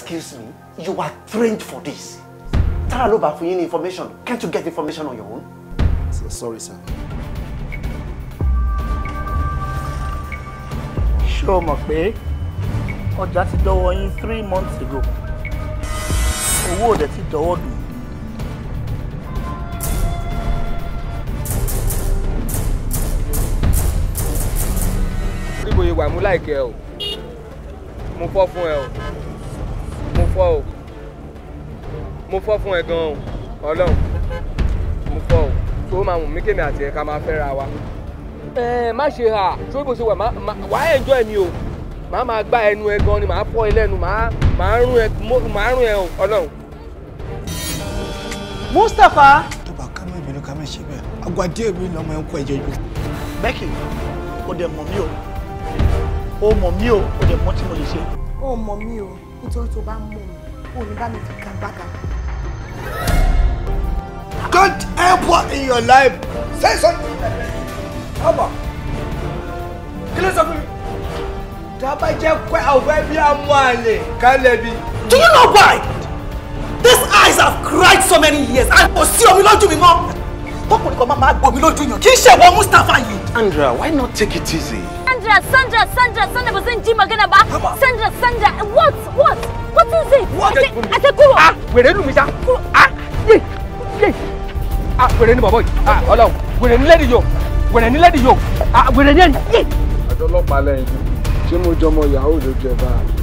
Excuse me, you are trained for this. Tara ló bá fún information. Can't you get information on your own? So, sorry, sir. Sure, o mọ̀ pé ọjà ti dọ́wọ́ yín three months ago? Oh, Owó òde ti dọ́wọ́ dùn. Níbo ìwà mú láìkẹ́ o? Mo I'm fún ẹ o. mo fọ́ o mo fọ́ fún ẹ gan-an ọlọ́run mo fọ́ o tó máa mí wa ẹ má ṣe hà tó bó wà wá ẹjọ́ ẹ̀ mi o màá máa ẹnu ẹ gan ni màá fọ́ ẹ lẹ́nu màá rún ẹ màá ẹ ọlọ́run. Mustapha. tó bá ká mẹ́rin ló ká mẹ́rin ṣe mi o dẹ̀ mọ̀ o o mọ̀ mí o o tí mo nítorí tó help in your life say something Come on. ló sọ fún mi. dábàá jẹ́ pé àwọn ẹbí amú àlè kálẹ̀ bí. Do you know why? These eyes have cried so many years and kò sí omi lójú mi mọ́ tọkùnrin kan máa máa gbomi lójú do you. Kisha, what ìwọ Mustapha yìí. Sandra why not take it easy. Sandra Sandra Sandra Sandra bó ṣe ń jí magana bá Sandra Sandra what àṣẹ ah. a wèrè lù mí ah. a yé Ah, a wèrè ni bọ̀bọ̀ ah. a ọlọ́run wèrè ni lẹ́dí yóò wèrè ni lẹ́dí ah. a wèrè ni ẹni yé. àjọ ọlọ́pàá lẹ́yìn ṣé mo jọmọ yahoo lójú ẹ báyìí.